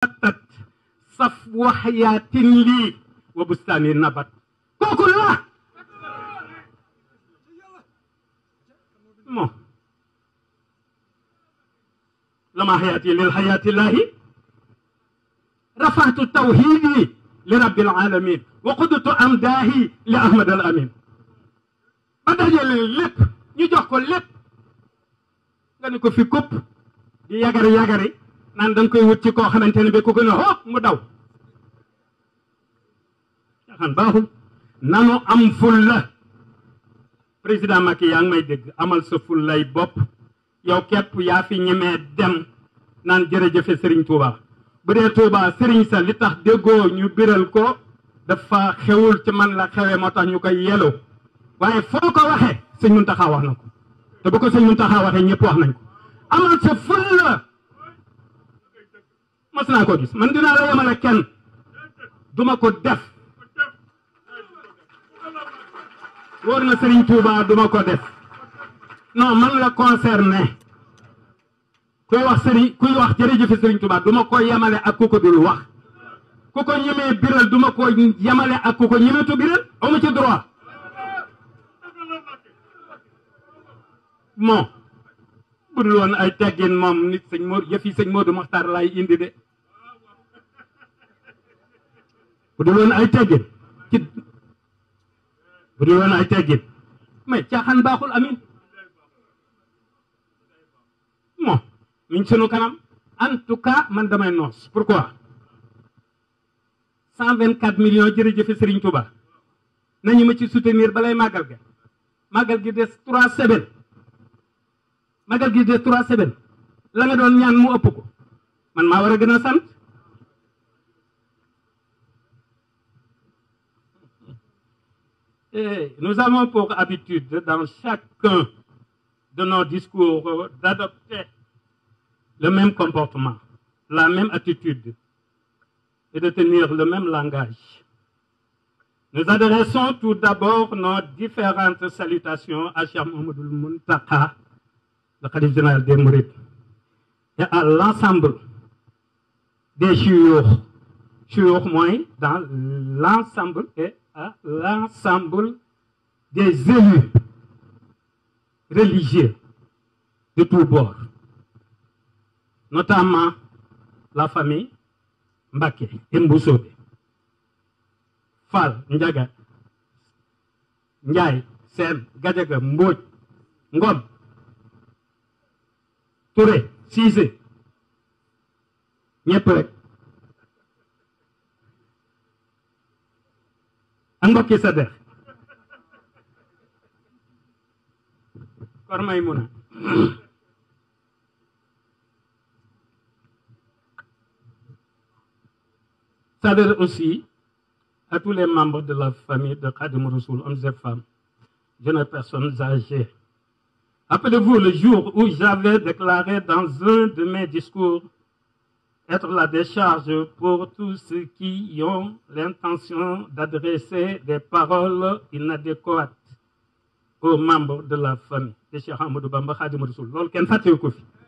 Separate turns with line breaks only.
tat saf wa xayaatin lii wa bustaani nabat kooku la moom lama xayaati lil xayaati laahi rafahtu tawhidi li rabbil alamin wa qudutu amdaahi li ahmad al amin ba dajale lépp ñu jox ko lépp nga ni ko fi kupp di yagari yagari naan da koy wut ci koo xamante ne bi ku gën a xóot mu daw nanu am ful la président Macky yaa ngi may dégg amal sa ful lay bopp yow képp yaa fi ñemee dem naan jërëjëfe Serigne Touba bu dee Touba Serigne sa li tax déggoo ñu biral ko dafa xewul ci man la xewee moo tax ñu koy yelu waaye foo ko waxee sëñ Mountakha wax na ko te bu ko sëñ Mountakha waxee ñëpp wax nañ ko amal sa ful la mos naa ko gis man dinaa la yemal kenn duma ko def wóor na sëriñ Touba duma ko def non man la concerné kuy wax Serigne kuy wax jërëjëf sëriñ Touba duma ko yemale ak ku ko dul wax ku ko ñemee biral duma ko yemale ak ku ko ñemeetu biral amu ci droit bon budul woon ay teggin moom nit sëñ moo yëf yi sëñ Modou Maxtaar laay indi de bu dul woon ay teggin ci bu caaxaan baaxul amin bon mi ngi sunu kanam en tout cas man damay noos pourquoi cent vingt quatre millions jërëjëfe Serigne Touba nañu ma ci soutenir balay màggal ga màggal gi des trois semaines màggal gi des trois semaines la doon ñaan mu ëpp ko man maa war a gën a sant Et nous avons pour habitude, dans chacun de nos discours, d'adopter le même comportement, la même attitude et de tenir le même langage. Nous adressons tout d'abord nos différentes salutations à Cheikh Mouhamadoul le Khalif des Mourides, et à l'ensemble des chiours. Chiours, moins, dans l'ensemble à l'ensemble des élus religieux de tous bords, notamment la famille Mbake et Mboussobe, Fal, Ndjaga, Ndiaye, Sem, Gadjaga, Mbouj, Ngom, Touré, Cissé, ñëpp rek ak mbokki sa aussi à tous les membres de la famille de Khadim Rassoul, hommes et femmes, jeunes personnes âgées. Rappelez-vous le jour où j'avais déclaré dans un de mes discours être la décharge pour tous ceux qui y ont l'intention d'adresser des paroles inadéquates aux membres de la famille de Cheikh Ahmadou Bamba Khadimou Rassoul loolu kenn fàttewu ko fi